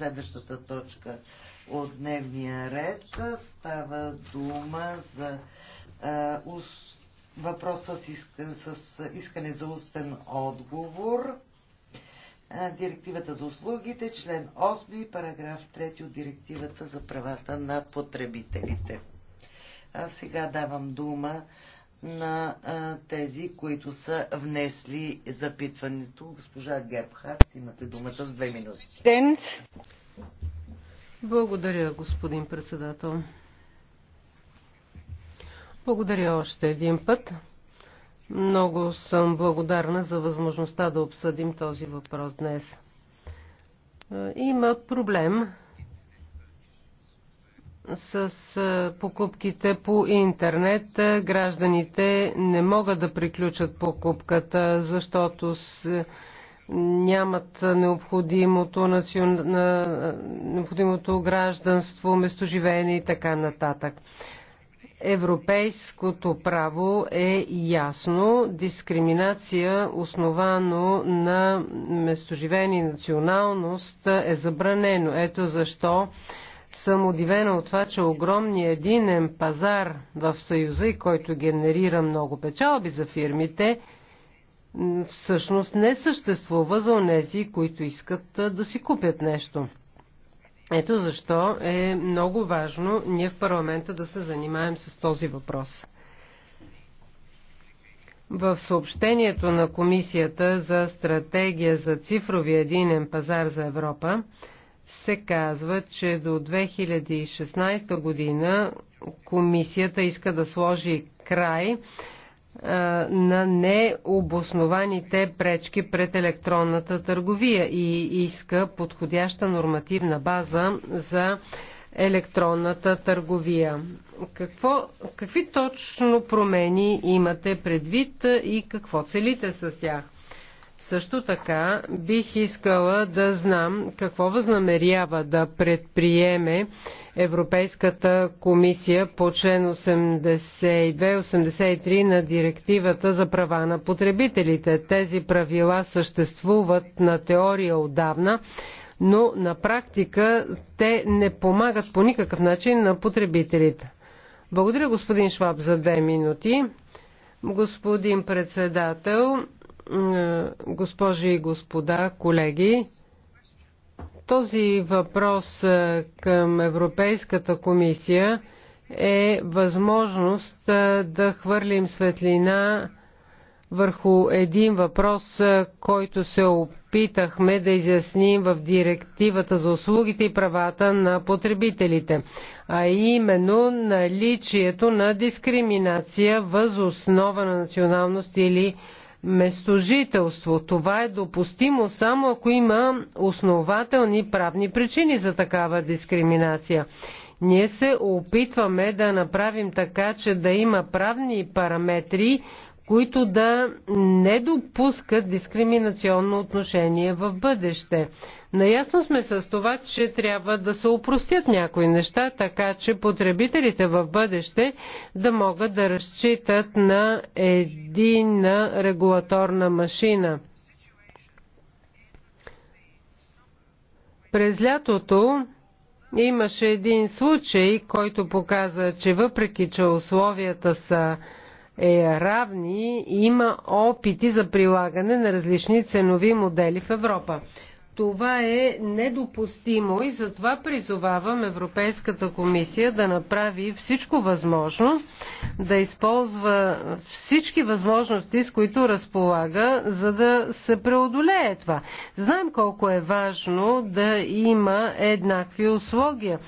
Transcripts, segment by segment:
следващата точка от дневния ред. Става дума за а, ус, въпрос с, иска, с искане за устен отговор. А, директивата за услугите, член 8, параграф 3 от Директивата за правата на потребителите. А сега давам дума на а, тези, които са внесли запитването. Госпожа Гербхарт, имате думата с две минути. Благодаря, господин председател. Благодаря още един път. Много съм благодарна за възможността да обсъдим този въпрос днес. Има проблем, с покупките по интернет гражданите не могат да приключат покупката, защото с, нямат необходимото, национ... необходимото гражданство, местоживеене и така нататък. Европейското право е ясно. Дискриминация, основано на местоживение и националност, е забранено. Ето защо съм удивена от това, че огромният единен пазар в Съюза и който генерира много печалби за фирмите, всъщност не съществува за онези, които искат да си купят нещо. Ето защо е много важно ние в парламента да се занимаем с този въпрос. В съобщението на Комисията за стратегия за цифрови единен пазар за Европа, се казва, че до 2016 година комисията иска да сложи край на необоснованите пречки пред електронната търговия и иска подходяща нормативна база за електронната търговия. Какво, какви точно промени имате предвид и какво целите с тях? Също така бих искала да знам какво възнамерява да предприеме Европейската комисия по член 82-83 на директивата за права на потребителите. Тези правила съществуват на теория отдавна, но на практика те не помагат по никакъв начин на потребителите. Благодаря господин Шваб за две минути. Господин председател, госпожи и господа, колеги. Този въпрос е, към Европейската комисия е възможност е, да хвърлим светлина върху един въпрос, е, който се опитахме да изясним в директивата за услугите и правата на потребителите, а именно наличието на дискриминация въз основа на националност или местожителство. Това е допустимо само ако има основателни правни причини за такава дискриминация. Ние се опитваме да направим така, че да има правни параметри, които да не допускат дискриминационно отношение в бъдеще. Наясно сме с това, че трябва да се упростят някои неща, така че потребителите в бъдеще да могат да разчитат на единна регулаторна машина. През лятото имаше един случай, който показа, че въпреки, че условията са е равни, има опити за прилагане на различни ценови модели в Европа. Това е недопустимо и затова призовавам Европейската комисия да направи всичко възможно, да използва всички възможности, с които разполага, за да се преодолее това. Знаем колко е важно да има еднакви условия.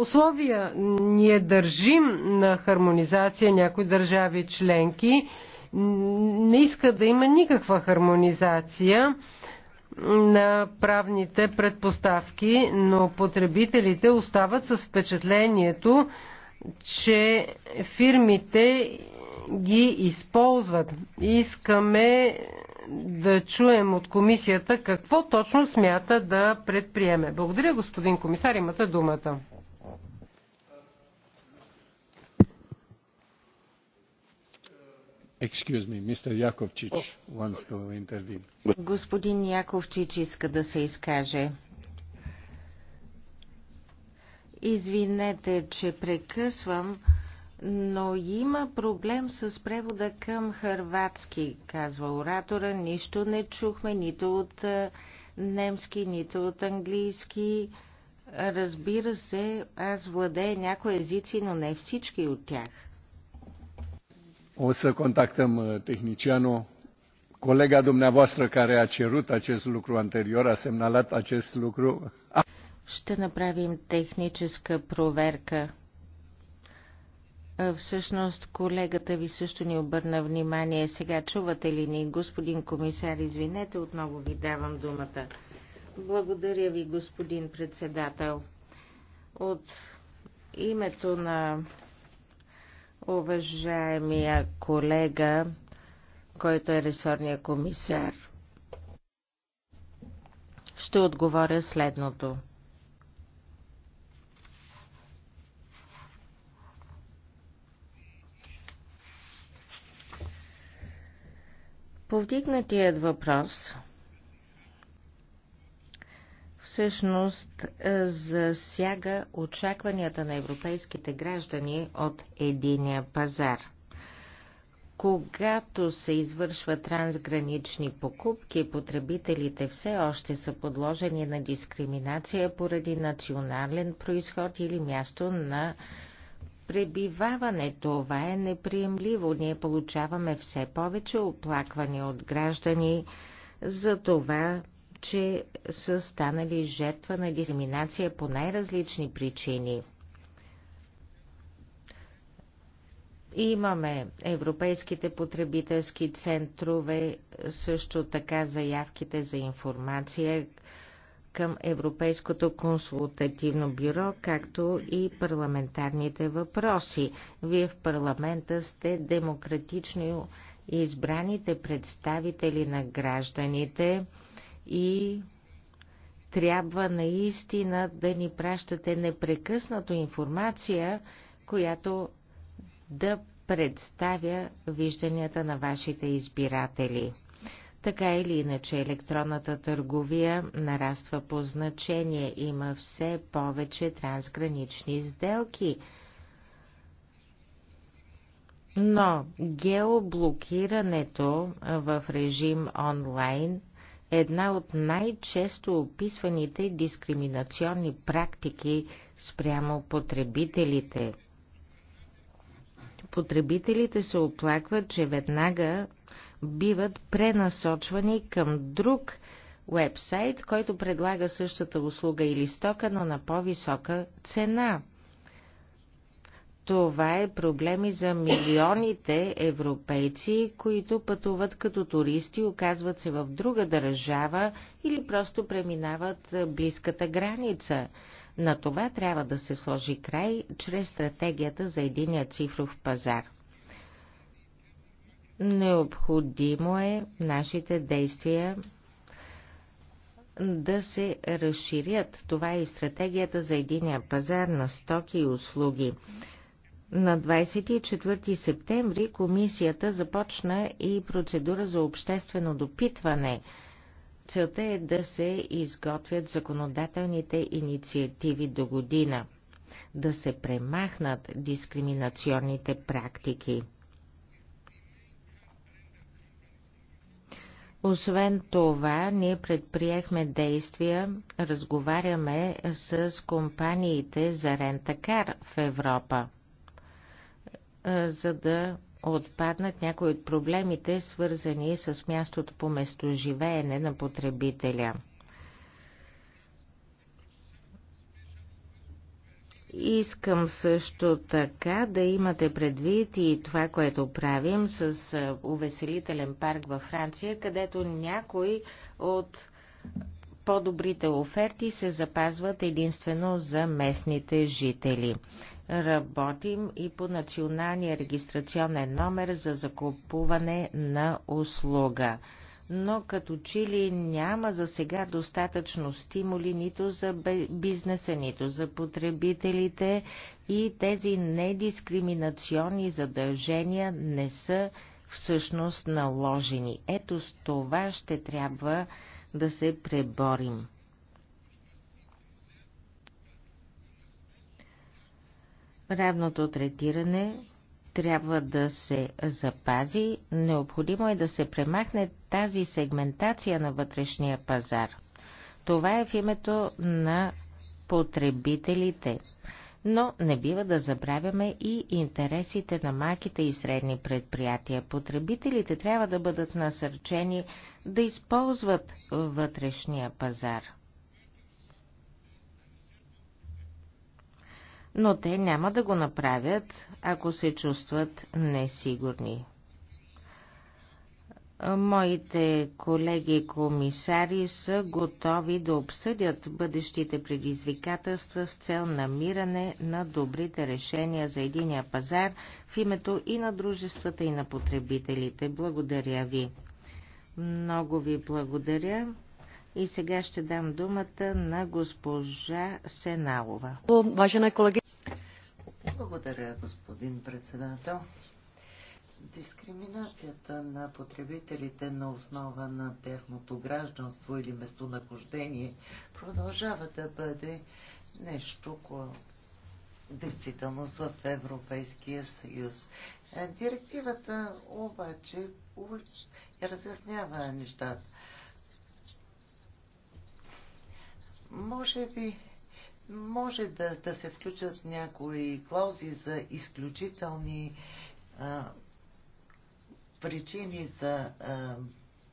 Условия ние държим на хармонизация някои държави членки, не иска да има никаква хармонизация на правните предпоставки, но потребителите остават с впечатлението, че фирмите ги използват. Искаме да чуем от комисията какво точно смята да предприеме. Благодаря, господин комисар, имате думата. Господин Яковчич иска да се изкаже. Извинете, че прекъсвам, но има проблем с превода към хърватски, казва оратора. Нищо не чухме нито от немски, нито от английски. Разбира се, аз владея някои езици, но не всички от тях. O să contactăm uh, tehnicianul. Colega dumneavoastră care a cerut acest lucru anterior a semnalat acest lucru. Ще направим техническа проверка. Е, всъщност, колегата ви също ни обърна внимание. Сега чувате ли ни, господин комисар, извинете, отново ви давам думата. Благодаря ви, господин председател. От името на уважаемия колега, който е ресорния комисар. Ще отговоря следното. Повдигнатият въпрос – всъщност е, засяга очакванията на европейските граждани от единия пазар. Когато се извършват трансгранични покупки, потребителите все още са подложени на дискриминация поради национален происход или място на пребиваване. Това е неприемливо. Ние получаваме все повече оплаквания от граждани за това, че са станали жертва на дискриминация по най-различни причини. Имаме европейските потребителски центрове, също така заявките за информация към Европейското консултативно бюро, както и парламентарните въпроси. Вие в парламента сте демократично избраните представители на гражданите и трябва наистина да ни пращате непрекъснато информация, която да представя вижданията на вашите избиратели. Така или иначе, електронната търговия нараства по значение. Има все повече трансгранични сделки. Но геоблокирането в режим онлайн една от най-често описваните дискриминационни практики спрямо потребителите. Потребителите се оплакват, че веднага биват пренасочвани към друг уебсайт, който предлага същата услуга или стока, но на по-висока цена. Това е проблеми за милионите европейци, които пътуват като туристи, оказват се в друга държава или просто преминават близката граница. На това трябва да се сложи край чрез стратегията за единия цифров пазар. Необходимо е нашите действия да се разширят. Това е и стратегията за единия пазар на стоки и услуги. На 24 септември комисията започна и процедура за обществено допитване. Целта е да се изготвят законодателните инициативи до година, да се премахнат дискриминационните практики. Освен това, ние предприехме действия, разговаряме с компаниите за рентакар в Европа за да отпаднат някои от проблемите, свързани с мястото по местоживеене на потребителя. Искам също така да имате предвид и това, което правим с увеселителен парк във Франция, където някои от по-добрите оферти се запазват единствено за местните жители. Работим и по националния регистрационен номер за закупуване на услуга. Но като че ли няма за сега достатъчно стимули нито за бизнеса, нито за потребителите и тези недискриминационни задължения не са всъщност наложени. Ето с това ще трябва да се преборим. Равното третиране трябва да се запази, необходимо е да се премахне тази сегментация на вътрешния пазар. Това е в името на потребителите. Но не бива да забравяме и интересите на малките и средни предприятия. Потребителите трябва да бъдат насърчени да използват вътрешния пазар. но те няма да го направят, ако се чувстват несигурни. Моите колеги комисари са готови да обсъдят бъдещите предизвикателства с цел намиране на добрите решения за единия пазар в името и на дружествата и на потребителите. Благодаря ви. Много ви благодаря. И сега ще дам думата на госпожа Сеналова. Уважена колеги. Благодаря, господин председател. Дискриминацията на потребителите на основа на техното гражданство или местонахождение продължава да бъде нещо, което действително в Европейския съюз. Директивата обаче разяснява нещата. Може би може да, да се включат някои клаузи за изключителни а, причини за а,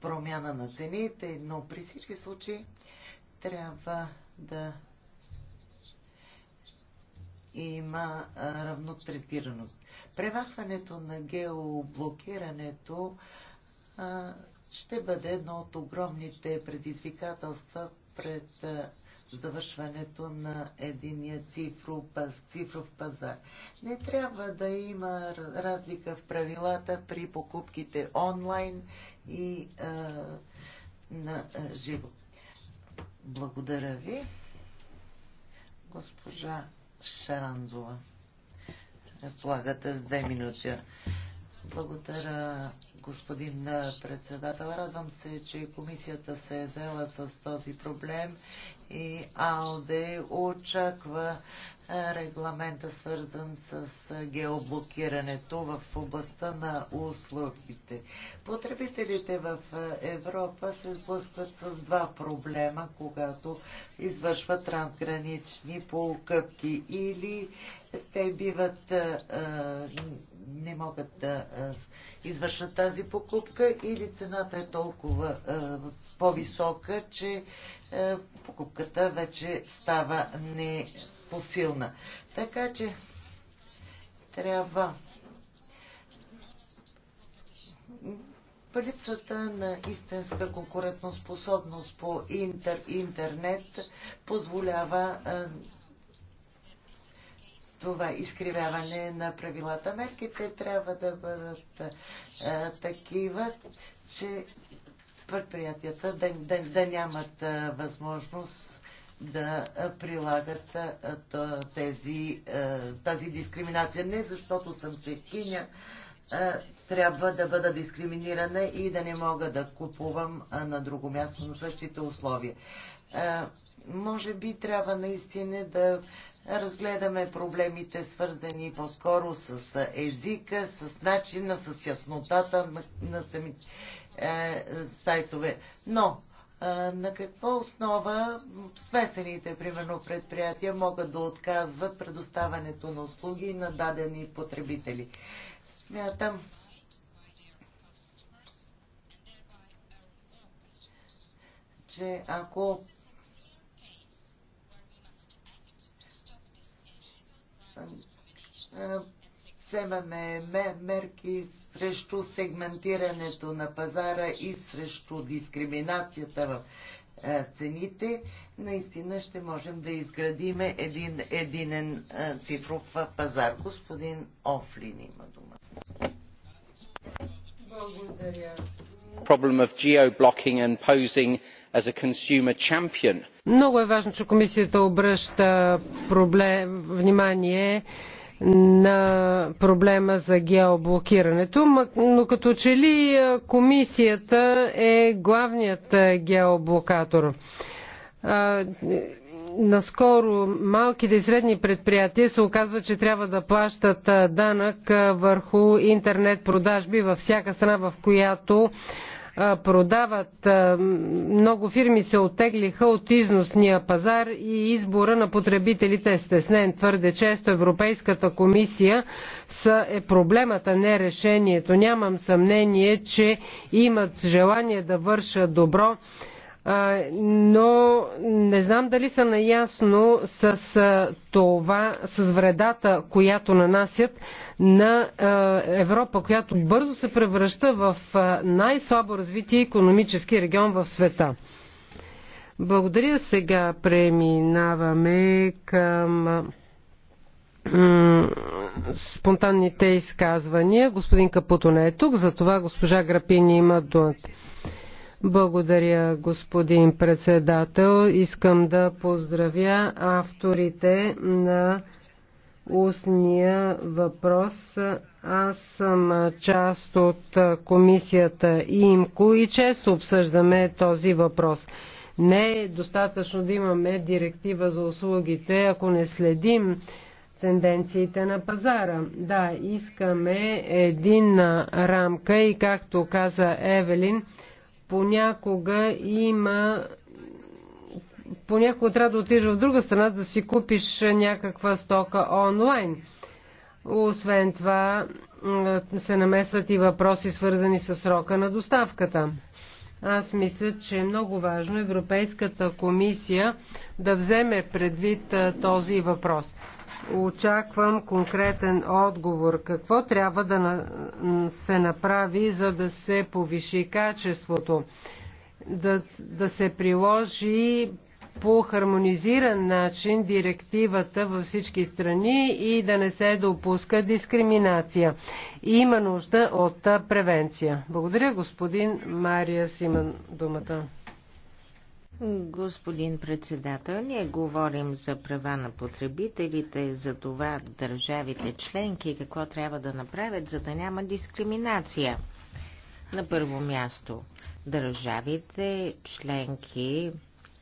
промяна на цените, но при всички случаи трябва да има равнотретираност. Премахването на геоблокирането а, ще бъде едно от огромните предизвикателства пред а, завършването на единия цифров, цифров пазар. Не трябва да има разлика в правилата при покупките онлайн и а, на а, живо. Благодаря ви, госпожа Шаранзова. Слагате е, с две минути. Благодаря, господин председател. Радвам се, че комисията се е взела с този проблем и АЛДЕ очаква регламента, свързан с геоблокирането в областта на услугите. Потребителите в Европа се сблъскват с два проблема, когато извършват трансгранични покъпки или те биват не могат да извършат тази покупка или цената е толкова по-висока, че покупката вече става непосилна. Така че трябва липсата на истинска конкурентоспособност по интер, интернет позволява това изкривяване на правилата. Мерките трябва да бъдат а, такива, че предприятията да, да, да нямат а, възможност да прилагат а, тези, а, тази дискриминация. Не защото съм а, трябва да бъда дискриминирана и да не мога да купувам на друго място на същите условия. Може би трябва наистина да разгледаме проблемите, свързани по-скоро с езика, с начина, с яснотата на, на сами е, сайтове. Но е, на какво основа смесените, примерно, предприятия могат да отказват предоставането на услуги на дадени потребители? Смятам, че ако Е, вземаме мерки срещу сегментирането на пазара и срещу дискриминацията в е, цените, наистина ще можем да изградим един единен е, цифров пазар. Господин Офлин има дума. Благодаря. Problem of geo-blocking and posing as a consumer champion. Много е важно, че комисията обръща проблем, внимание на проблема за геоблокирането, но като че ли комисията е главният геоблокатор. Наскоро малките и средни предприятия се оказва, че трябва да плащат данък върху интернет продажби във всяка страна, в която продават. Много фирми се отеглиха от износния пазар и избора на потребителите е стеснен. Твърде често Европейската комисия е проблемата, не решението. Нямам съмнение, че имат желание да вършат добро но не знам дали са наясно с това, с вредата, която нанасят на Европа, която бързо се превръща в най-слабо развитие економически регион в света. Благодаря. Сега преминаваме към спонтанните изказвания. Господин Капуто е тук, затова госпожа Грапини има думата. Благодаря, господин председател. Искам да поздравя авторите на устния въпрос. Аз съм част от комисията ИМКО и често обсъждаме този въпрос. Не е достатъчно да имаме директива за услугите, ако не следим тенденциите на пазара. Да, искаме единна рамка и както каза Евелин, понякога има понякога трябва да отидеш в друга страна да си купиш някаква стока онлайн. Освен това се намесват и въпроси свързани с срока на доставката. Аз мисля, че е много важно Европейската комисия да вземе предвид този въпрос очаквам конкретен отговор. Какво трябва да се направи, за да се повиши качеството? Да, да се приложи по хармонизиран начин директивата във всички страни и да не се допуска дискриминация. Има нужда от превенция. Благодаря, господин Мария Симан, думата. Господин председател, ние говорим за права на потребителите, за това държавите членки какво трябва да направят, за да няма дискриминация. На първо място, държавите членки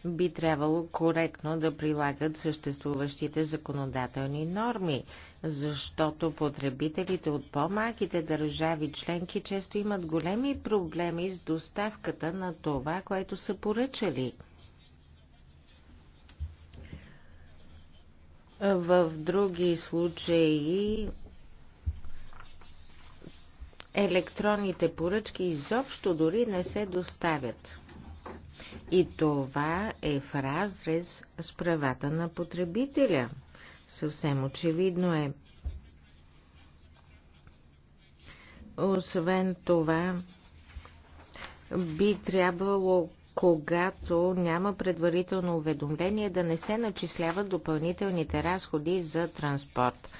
би трябвало коректно да прилагат съществуващите законодателни норми, защото потребителите от по-малките държави членки често имат големи проблеми с доставката на това, което са поръчали. В други случаи електронните поръчки изобщо дори не се доставят. И това е в разрез с правата на потребителя. Съвсем очевидно е. Освен това, би трябвало, когато няма предварително уведомление, да не се начисляват допълнителните разходи за транспорт.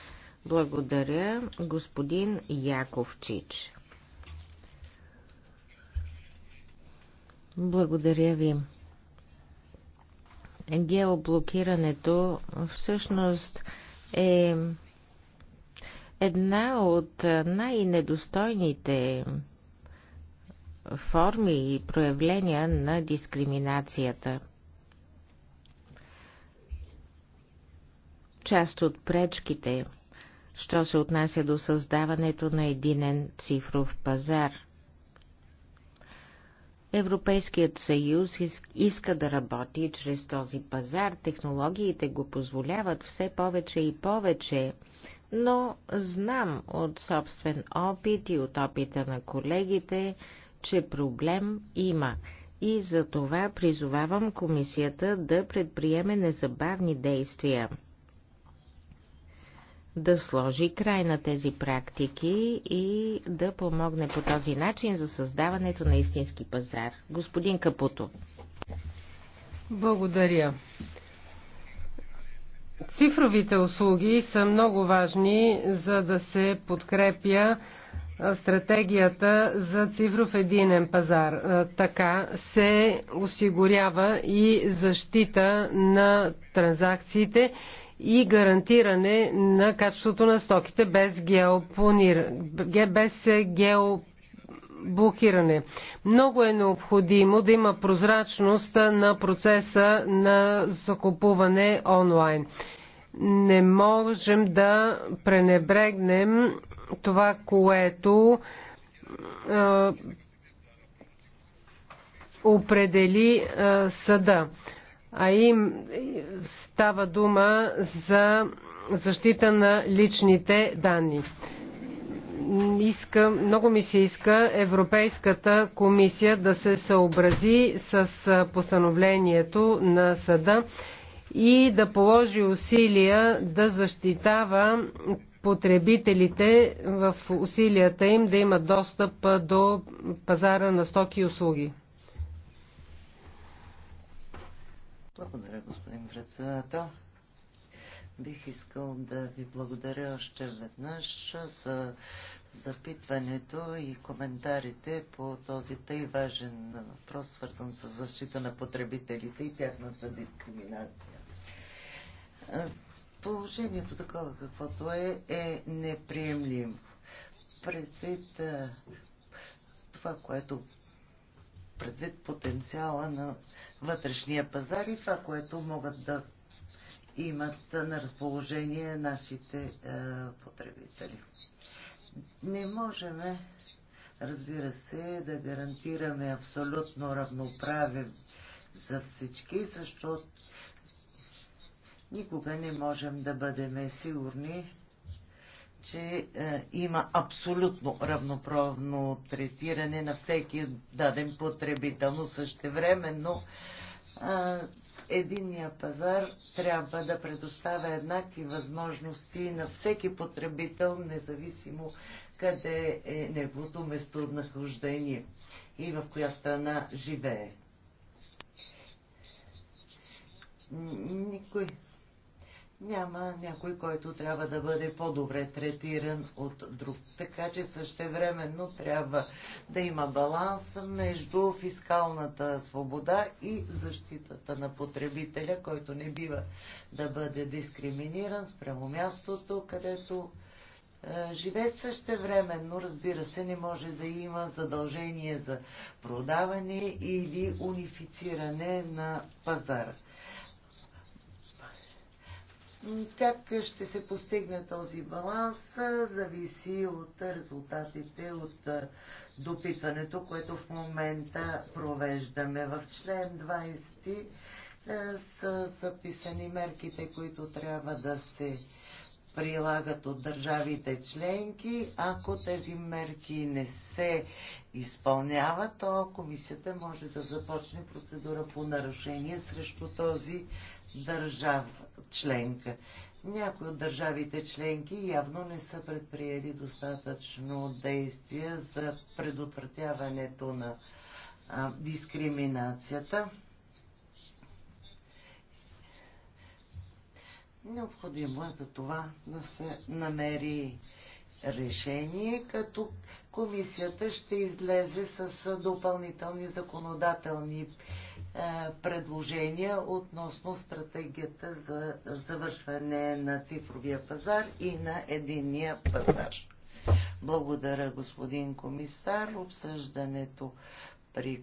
Благодаря, господин Яковчич. Благодаря ви. Геоблокирането всъщност е една от най-недостойните форми и проявления на дискриминацията. Част от пречките, що се отнася до създаването на единен цифров пазар – Европейският съюз иска да работи чрез този пазар, технологиите го позволяват все повече и повече, но знам от собствен опит и от опита на колегите, че проблем има и за това призовавам комисията да предприеме незабавни действия да сложи край на тези практики и да помогне по този начин за създаването на истински пазар. Господин Капуто. Благодаря. Цифровите услуги са много важни, за да се подкрепя стратегията за цифров единен пазар. Така се осигурява и защита на транзакциите и гарантиране на качеството на стоките без, без геоблокиране. Много е необходимо да има прозрачност на процеса на закупуване онлайн. Не можем да пренебрегнем това, което е, определи е, съда а им става дума за защита на личните данни. Иска, много ми се иска Европейската комисия да се съобрази с постановлението на съда и да положи усилия да защитава потребителите в усилията им да имат достъп до пазара на стоки и услуги. Благодаря, господин председател. Бих искал да ви благодаря още веднъж за запитването и коментарите по този тъй важен въпрос, свързан с защита на потребителите и тяхната дискриминация. Положението такова каквото е, е неприемлимо. Предвид това, което предвид потенциала на вътрешния пазар и това, което могат да имат на разположение нашите е, потребители. Не можем, разбира се, да гарантираме абсолютно равноправие за всички, защото никога не можем да бъдем сигурни, че е, има абсолютно равноправно третиране на всеки даден потребител, но същевременно е, единния пазар трябва да предоставя еднакви възможности на всеки потребител, независимо къде е неговото местонахождение и в коя страна живее. Никой няма някой, който трябва да бъде по-добре третиран от друг. Така че същевременно трябва да има баланс между фискалната свобода и защитата на потребителя, който не бива да бъде дискриминиран спрямо мястото, където е, живее същевременно, разбира се, не може да има задължение за продаване или унифициране на пазара. Как ще се постигне този баланс, зависи от резултатите от допитването, което в момента провеждаме. В член 20 са записани мерките, които трябва да се прилагат от държавите членки. Ако тези мерки не се изпълняват, то комисията може да започне процедура по нарушение срещу този държав членка. Някои от държавите членки явно не са предприели достатъчно действия за предотвратяването на а, дискриминацията. Необходимо е за това да се намери решение, като комисията ще излезе с допълнителни законодателни е, предложения относно стратегията за завършване на цифровия пазар и на единния пазар. Благодаря, господин комисар. Обсъждането при